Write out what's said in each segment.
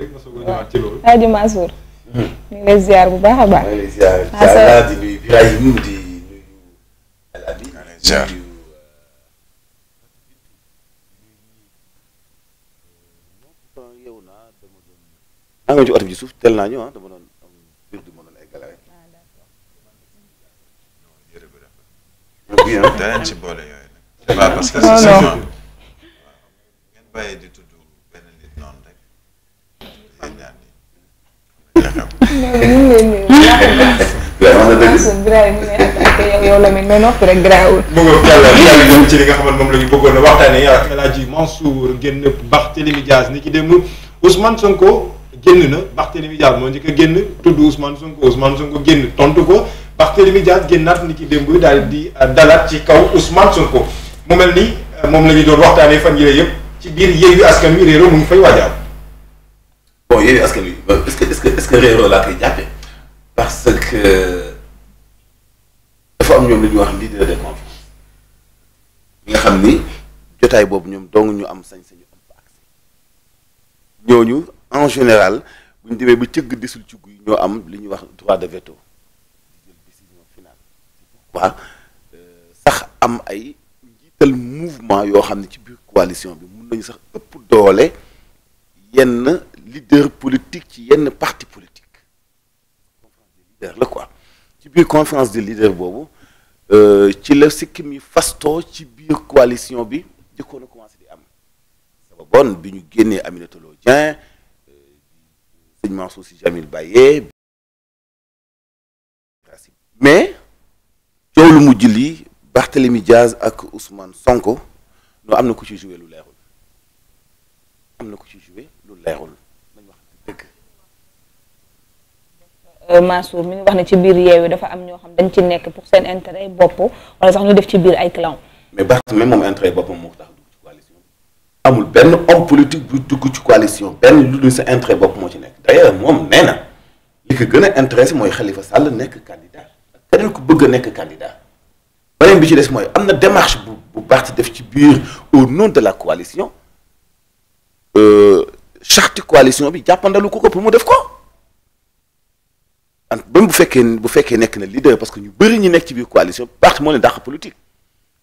rek ma soog a ñëwaat ci loolu. Hadj ah, Mansour. Hmm. ñu ngi lay ziar bu baax a baax. maa ngi lay ziar Diarra ah, di nuyu Birahim di nuyu Al Amin. maa ngi lay ziar di nuyu. Euh, maa ngi ci oto bi ci suuf tel naa ñëw ah dama doon am mbir du ma doon ay gala rek. jërëjëf. Ah, danañ ci boole yooyu nag. parce que c'est yow ci li nga xamante moom la ñu bëggoon a waxtaanee ak El Hadji Mansour génn Barthélémy Diaz ni ki dem Ousmane Sonko génn na Barthélémy Diaz moo njëkk a génn tudd Ousmane Sonko Ousmane Sonko génn tontu ko Barthélémy Diaz génnaat ni ki démb daal di dalaat ci kaw Ousmane Sonko mu mel ni moom la ñu doon waxtaanee fan yii yëpp ci biir Yewwi Askan Wi réeroo mu ngi fay waajaal. bon yooyu askan wi est-ce que est-ce que parce que dafa am ñoom lu ñuy wax leader nga xam ni jotaay boobu ñoom dong ñu am sañ-sañu am fa ñooñu en général buñ demee ba cëgg desul ci guy ñoo am li ñuy wax droit de veto jël euh, sax am ay njiital mouvement yoo xam ne ci biir coalition bi mun nañu sax ëpp doole yenn leader politique ci yenn parti politique conférence la quoi ci biir conférence de leaders boobu euh, ci la sikkim fasto ci biir coalition bi jëkkoon a commencé di am sababoon bi ñu génnee Aminata Lo Dieng euh, sëñ Mansour Sy mais coow lu mujj lii Barthélemy Diaz ak Ousmane Sonko noo am na ku ci joué lu leerul am na ku ci joué lu leerul Euh, Mansour mi ngi wax ne ci biir yeewu dafa am ñoo xam dañ ci nekk pour seen intérêt bopp wala sax ñu def ci biir ay clan mais Barthélémy moom intérêt boppam moo tax dugg ci coalition amul benn homme bu dugg ci coalition benn lu dul sa intérêt bopp moo ci nekk d'ailleurs moom nee li ko gën a intéressé mooy xalifa sàll nekk candidat keneen ku bëgg a nekk candidat beneen bi ci des mooy am na démarche bu bu parti def ci biir au nom de la coalition euh, charte coalition bi jàppandalu ko ko pour mu def ko ak même bu fekkee bu fekkee nekk na leader parce que ñu bëri ñu nekk ci biir coalition parti moo leen dàq politique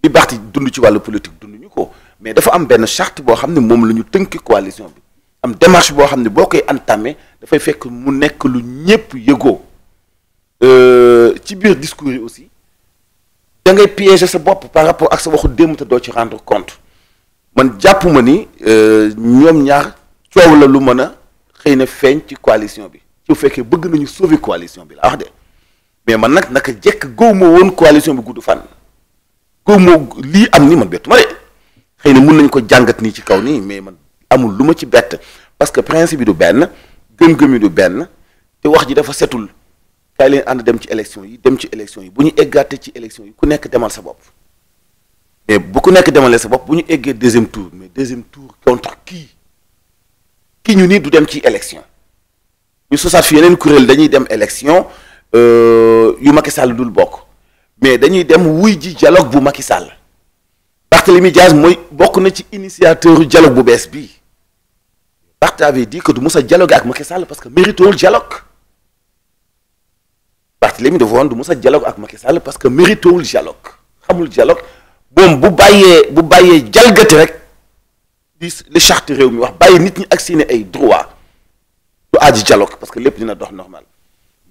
li dund ci wàllu politique dund ñu ko mais dafa am benn charte boo xam ne moom la ñu tënk coalition bi am démarche boo xam ne boo koy entamé dafay fekk mu nekk lu ñëpp yëgoo euh, ci biir discours yi aussi da ngay piéger sa bopp par rapport ak sa waxu démb doo ci rendre compte man jàpp ma ni euh, ñoom ñaar coow la lu mën a xëy na feeñ ci coalition bi. bu fekkee bëgg nañu sauver coalition bi laa wax de mais man nag naka jekk góob moo woon coalition bi gudd fan góob moo lii am ni man bettu ma de xëy na mun nañ ko jàngat nii ci kaw nii mais man amul lu ma ci bett parce que principe bi du benn gëm-gëm yi du benn te wax ji dafa setul kaay leen ànd dem ci élection yi dem ci élection yi bu ñu eggaatee ci élection yi ku nekk demal sa bopp mais bu ku nekk demalee sa bopp bu ñu eggee deuxième tour mais deuxième tour contre kii kii ñu nii du dem ci élection. ñu sosaat fi yeneen kuréel dañuy dem élection euh, yu Macky Sall dul bokk mais dañuy dem wuy ji dialogue bu Macky Sall Barthélemy Diaz mooy bokk na ci initiateur dialogue bu bees bii Barth avait dit que du mos a dialogue ak Macky Sall parce que méritool dialogue Barthélemy dafa woon du mos a dialogue ak Macky Sall parce que méritool dialogue xamul dialogue moom bu bàyyee bu bàyyee jalgati rek di li charte réew mi wax bàyyi nit ñi ak seeni ay droit du aaji dialogue parce que lépp dina dox normal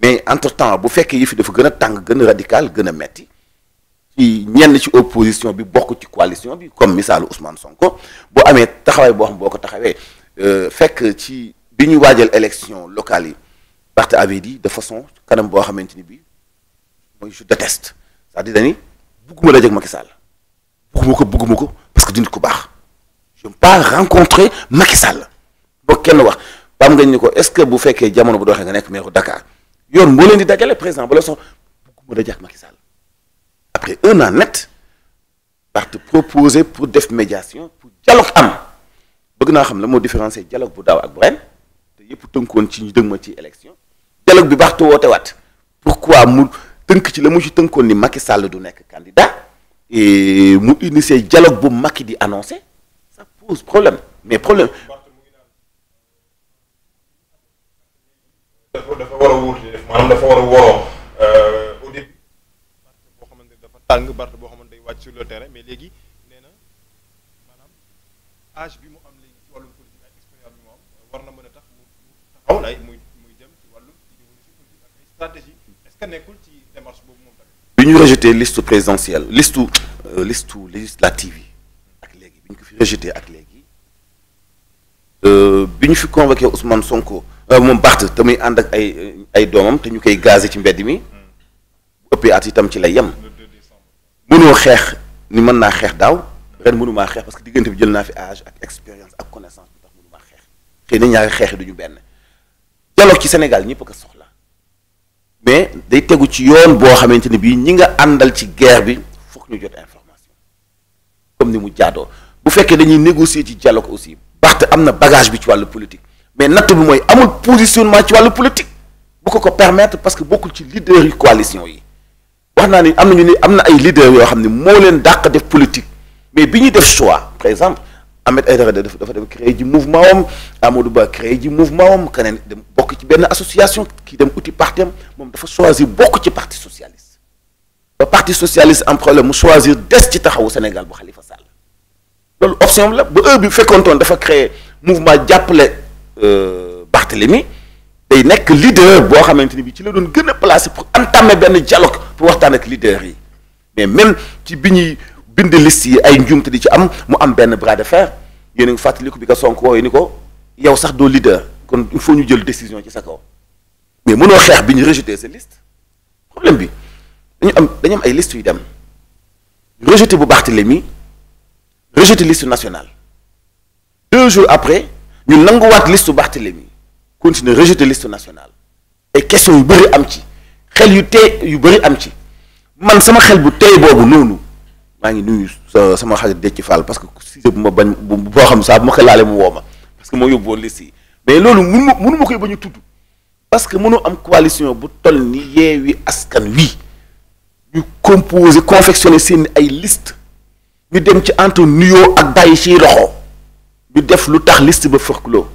mais entre temps bu fekkee yi fi dafa gën a tàng gën a radical gën a metti ci ñenn ci opposition bi bokk ci coalition bi comme misaalu Ousmane Sonko boo amee taxawaay boo xam boo ko taxawee euh, fekk ci bi ñu waajal élection locale yi parti avait dit de façon kanam boo xamante ni bii mooy je déteste c'est-à-dire dañuy bugguma dajeeg Macky Sall bugguma ko bugguma ko parce que dindi ko baax je n'ai pas rencontré Macky Sall paam Ngagne ni ko est-ce que bu fekkee jamono bu doxee nga nekk maire Dakar yoon moo leen di dajale président ba la soxla mu da jaax Macky Sall après un an net parti proposé pour def médiation pour dialogue am bëgg naa xam la moo différencier dialogue bu daaw ak bu ren te yëpp tënkoon ci ñu dëg ma ci élection dialogue bi baax te woote waat pourquoi mu tënk ci la mu ci tënkoon ni Macky Sall du nekk candidat et mu initier dialogue bu Macky di annoncé ça pose problème maanaam dafa war a woroo euh, au début barte boo xamante dafa tàng barte boo xamante day wàcc sur le terrain mais léegi nee na maanaam age bi mu am léegi ci wàllum bi mu am euh, war na mën a tax mu taxaw lay muy muy dem ci wàllum idéologie politique ak nekkul ci démarche boobu moom bi ñu rejeté liste présidentielle listu euh, liste législative yi ak léegi bi ñu ko fi rejeté ak léegi bi ñu fi convoqué Ousmane Sonko Euh, moom Barth te muy ànd ak ay ay doomam te ñu koy gazé ci mbedd mi bu ëppee at itam ci lay yem mënoo xeex ni mën naa xeex daaw ren mënumaa xeex parce que diggante bi jël naa fi âge ak expérience ak connaissance bi tax mënumaa xeex xëy na ñaari xeex duñu benn dialogue ci Sénégal ñëpp ko soxla mais day tegu ci yoon boo xamante ne bii ñi nga àndal ci guerre bi foog ñu jot information comme ni mu jaadoo bu fekkee dañuy négocier ci dialogue aussi Barth am na bagage bi ci wàllu politique mais natt bi mooy amul positionnement ci wàllu politique bu ko ko permettre parce que bokkul ci leader yu coalition yi wax naa ni am nañu ni am na ay leaders yoo xam ne moo leen dàq def politique mais bi ñuy def choix par exemple Ahmed Aïdara def dafa dem créer ji mouvement am Amadou Ba créer ji mouvement am keneen dem bokk ci benn association kii dem uti parti moom dafa choisir bokk ci parti socialiste ba parti socialiste am problème mu choisir des ci taxawu Sénégal bu Khalifa Sall loolu option la ba heure bi fekkoontoon dafa créer mouvement jàppale. Euh, Barthélemy day nekk leader boo xamante ni bi ci la doon gën a placé pour entamer benn dialogue pour waxtaan ak leader yi mais même ci bi ñuy bind liste yi ay njuumte di ci am mu am benn bras de fer yéen a ngi bi ko Sonko woowee ni ko yow sax doo leader kon il faut ñu jël décision ci sa kaw mais mënoo xeex bi ñu rejeté sa liste problème bi dañu am dañu am ay liste yu dem rejeté bu Barthélemy rejeté liste nationale deux jours après ñu nanguwaat liste Barthélemy continuer rejeter liste nationale ay question yu bëri am ci xel yu tey yu bëri am ci man sama xel bu tey boobu noonu maa ngi nuyu sama xarit Déthié Fall parce que Cissé bu ma bañ boo xam saa bu ma xelaale mu woo ma parce que moo yóbbu woon liste yi mais loolu munu ma munu ma koy bañ a tudd parce que mënoo am coalition bu toll ni Yewwi Askan Wi ñu composer confectionner seen ay liste ñu dem ci entre nuyoo ak bàyyi ciy loxo ñu def lu tax list ba forclos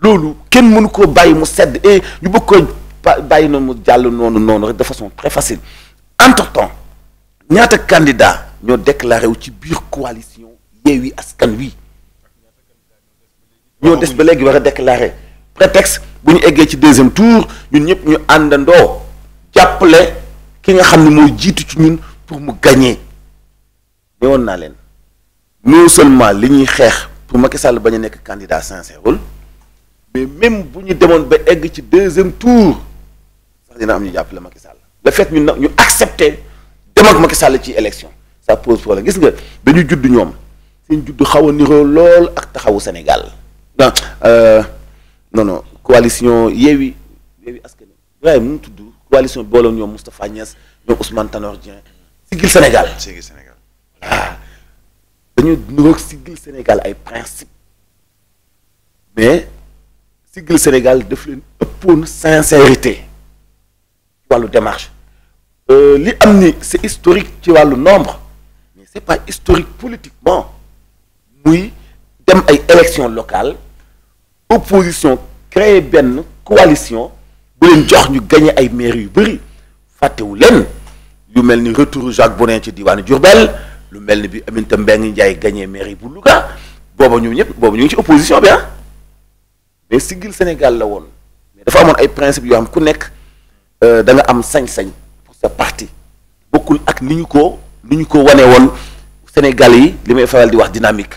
loolu kenn mënu koo bàyyi mu sedd et ñu bëgg ko bàyyi na mu jàll noonu noonu rek de façon très facile entre ñaata candidat ñoo déclaré wu ci biir coalition Yewwi Askan Wi ñoo des ba léegi war a déclaré prétexte bu ñu eggee ci deuxième tour ñun ñëpp ñu àndandoo jàppale ki nga xam ne moo jiitu ci ñun pour mu gagner ñëwoon naa leen non seulement li ñuy xeex pour Macky Sall bañ a nekk candidat sincèrewul mais même bu ñu demoon ba egg ci deuxième tour sax dina am ñu jàppale Macky Sall le fait ñu ñu accepter dem ak Macky Sall ci élection ça pose problème gis nga dañu judd ñoom seen judd xaw a niroo lool ak taxawu Sénégal non euh, non non coalition Yewwi Yewwi Askan Wi mu tudd coalition booloon ñoom Moustapha Niass ñoom Ousmane Tanor Dieng Siggil Sénégal Siggil Sénégal ah. dañu niroog siggil Sénégal ay principe mais siggil Sénégal daf leen ëppoon sincérité wàllu démarche euh, li am ni c'est historique ci wàllu nombre mais c'est pas historique politiquement muy dem ay élections locales opposition créer benn coalition bu leen jox ñu gagné ay maires yu bëri fàttewu leen yu mel ni retour Jacques Bonin ci diwaanu Diourbel lu mel ni bi Aminata Mbengue Ndiaye gañe mairie bu Louga booba ñu ñëpp booba ñu ngi ci opposition bi ah mais siggil Sénégal la woon mais dafa amoon ay principe yoo xam ku nekk euh, da nga am sañ-sañ pour sa parti bokkul ak ni ñu ko ni ñu ko wane woon Sénégal yi li may faral di wax dynamique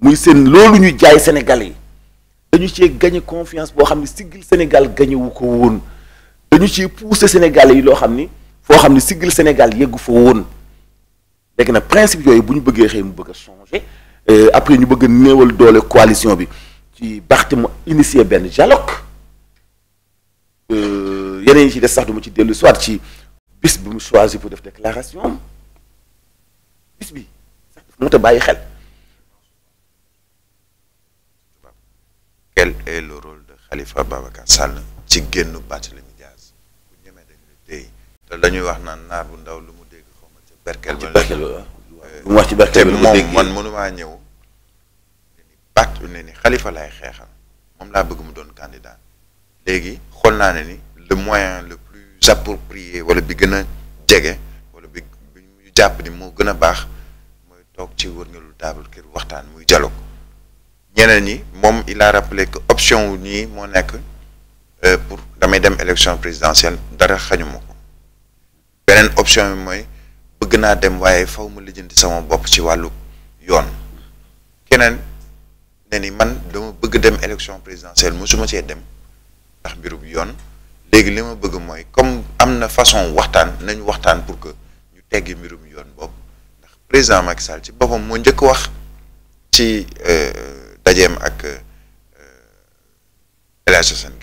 muy seen loolu ñu jaay Sénégal dañu cee gagné confiance boo xam ne siggil Sénégal gagné dañu cee poussé Sénégal yi loo xam ni foo xam ne siggil Sénégal yeggu fa woon. léegi nag principe yooyu bu ñu bëggee xëy mu bëgg a changer euh, après ñu bëgg néewal doole coalition bi ci baxte mu initier benn dialogue euh, yeneen yi ci des sax du ma ci dellu soit ci bis bi mu choisir pour def déclaration am bis bi moo ta bàyyi xel quel est le rôle de Khalifa Babacar Sall ci génn Barthélémy Dias bu ñemee dañ la tey dañuy wax naan naar bu ndaw lu berkel ba eh, lu mu wax ci berkel ba moom man mënumaa ñëw ne ni ne ni xalifa laay xeexal moom laa bëgg mu doon candidat léegi xool naa ne ni le moyen le plus approprié wala bi gën a jege wala bi bi ñu jàpp ni moo gën a baax mooy toog ci wërngalu table kër waxtaan muy dialogue ñeneen yi moom il a rappelé ko option wu nii moo nekk euh, pour damay dem élection présidentielle dara xañuma ko beneen option bi mooy bëgg naa dem waaye faw ma lijjanti sama bopp ci wàllu yoon keneen ne ni man dama bëgg dem élection présidentielle mosuma see dem ndax mbirub yoon léegi li ma bëgg mooy comme am na façon waxtaan nañu waxtaan pour que ñu teggi mbirum yoon boobu ndax président Macky Sall ci boppam moo njëkk wax ci euh, dajeem ak euh, El Hadj Assane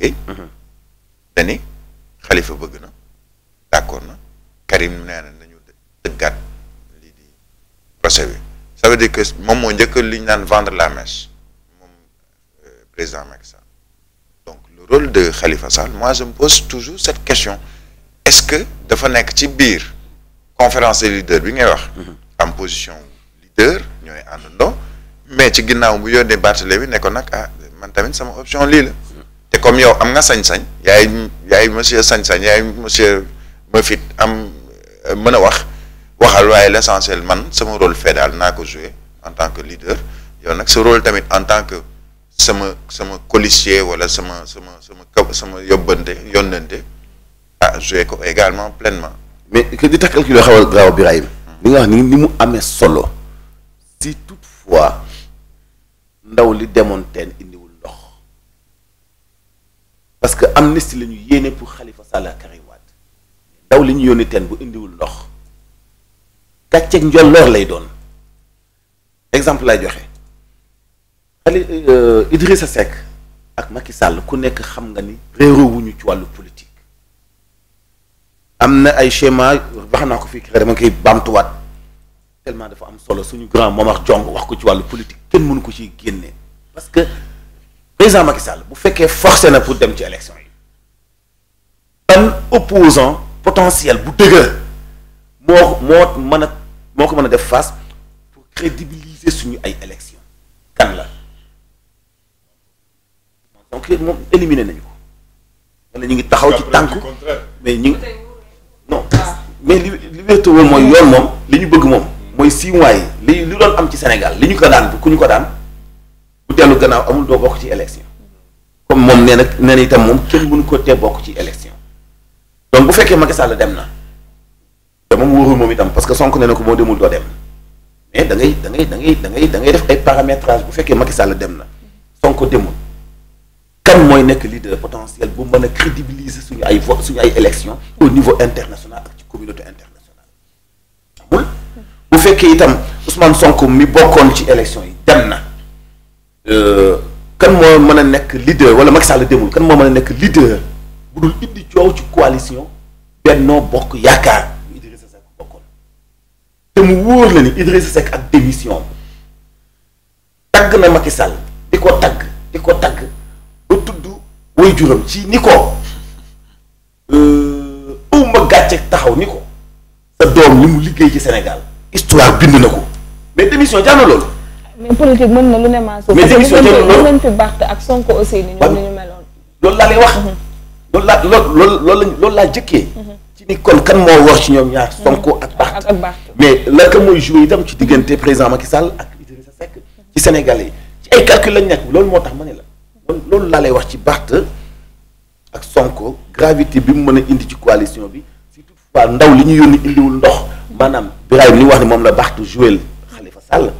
xalifa mhm. bëgg na d'accord na Karim nee na procès bi ça que moom moo njëkk li ñu naan vendre la mèche moom euh, président Macky Sall donc le rôle de Khalifa Sall moi je pose toujours cette question est-ce que dafa nekk ci biir conférence des leaders bi ngay wax mhm. am position leader ñooy àndandoo mais ci ginnaaw bu yónnee Barthélémy ne ko nag ah man tamit sama option lii la te comme yow am nga sañ-sañ yaay yaay monsieur sañ-sañ yaay monsieur ma fit am euh, mën a wax waxal waaye l'essentiel man sama rôle fédéral naa ko joué en tant que leader yow nag sa rôle tamit en tant que sama sama colistier wala sama sama sama sama yóbbante yónnante ah joué ko également pleinement mais li tax calcul yoo xaw a gaaw Birahim nga wax ni ni mu amee solo si tout toutefois ndaw li demoon teen indiwul ndox parce que amnistie la ñu yéene pour xalifa Sall ak ndaw li ñu yónni teen bu indiwul ndox gàcceeg njolloor lay doon exemple lay joxe Ali euh, Idrissa Seck ak Macky Sall ku nekk xam nga ni réeroowuñu ci wàllu politique am na ay schéma wax naa ko fii xëy dama koy baamtuwaat tellement dafa am solo suñu grand Momar Jong wax ko ci wàllu politique kenn mënu ko ci génne parce que président Macky Sall bu fekkee forcé na pour dem ci élection yi un opposant potentiel bu dëgër moo moo mën a moo ko mën a def face pour crédibiliser suñu ay élection kan la donc moom éliminé nañu ko wala ñu ngi taxaw ci tànk mais ñu no mais li li wéetu woon mooy yoon moom li ñu bëgg moom mooy six mois yi li li doon am ci Sénégal li ñu ko daan ku ñu ko daan bu dellu gannaaw amul doo bokk ci élection comme moom nee nag nee na itam moom kenn mënu ko tee bokk ci élection donc bu fekkee Macky Sall dem na te moom wóorul moom itam parce que Sonko ne na ko boo demul doo dem mais dangay ngay da ngay da ngay da def ay paramétrage bu fekkee Macky Sall dem na Sonko demul kan mooy nekk leader potentiel bu mën a crédibiliser suñu ay vote suñu ay élection au niveau international ak ci communauté internationale amul fekkee itam Ousmane Sonko mi bokkoon ci élection yi dem na euh, kan moo mën a nekk leader wala Macky Sall demul kan moo mën a nekk leader bu dul indi coow ci coalition Benno Bokk Yaakaar te mu wóor la ni Idrissa Seck ak démission tagg na Macky Sall di ko tagg di ko tagg ba tudd way juróom ci ni ko euh, ëwma gàcce taxaw ni ko sa doom li mu liggéey ci Sénégal histoire bind na ko mais démission jaar na loolu mais politique mën na lu ne maa mais démission jaar na loolu ak Sonko aussi ni loolu laa lay wax mm-hmm. loolu laa loolu loolu loolu laa jëkkee ci ni kon kan moo wax ci ñoom ñaar Sonko ak Barth mais laka mooy joué itam ci diggante président Macky Sall ak Idrissa Seck ci Sénégal yi ci ay calcul lañ nekk loolu moo tax ma ni la loolu loolu laa lay wax ci Barth ak Sonko gravité bi mu mën a indi ci coalition bi surtout waa ndaw li ñu yónni indiwul ndox maanaam Birahim li wax ne moom la Barth joué Khalifa Sall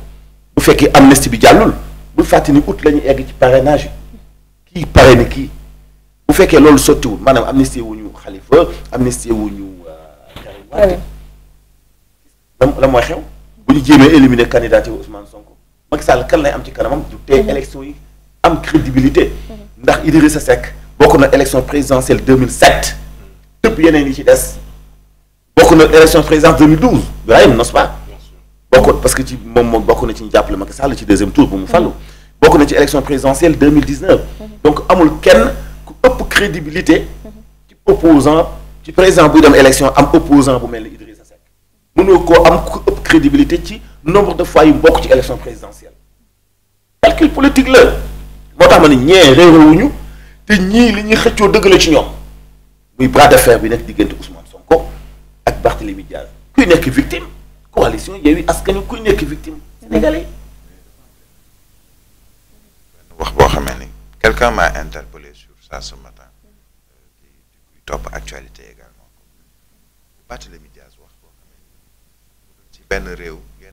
bu fekkee amnistie bi jàllul bul fàtte ni août la ñu egg ci parrainage kii parrainé kii bu fekkee loolu sottiwul maanaam amnistie wuñu ba amnistie wu ñu. Karim euh, Wade la mooy xew. bu ñu jéemee éliminer candidature Ousmane Sonko Macky Sall kan lay am ci kanamam du tey mhm. élection yi am crédibilité. Mhm. ndax sa Seck bokk na élection présidentielle 2007. tëpp yeneen yi ci des. bokk na élection présidentielle 2012 Birahim n'est-ce pas. bokk parce que ci moom moom bokk na ci ñu jàppale Macky Sall ci deuxième tour bu mu fàllu. Mhm. bokk na ci élection présidentielle 2019. donc amul kenn ku ëpp crédibilité. opposant ci président buy dem élection am opposant bu mel ni Idrissa Seck mënoo koo am ku ëpp crédibilité ci nombre de fois yu bokk ci élection présidentielle calcul politique la moo tax ma ne ñee réerewuñu te ñii li ñuy xëccoo dëgg ci ñoom muy bras de fer bi nekk diggante Ousmane Sonko ak Barthélémy Diaz kuy nekk victime coalition Yewwi Askan Wi kuy nekk victime sénégalais. wax boo xamee ni quelqu'un m'a interpellé sur topp actualité également mi Dias wax boo xam ne ci benn réew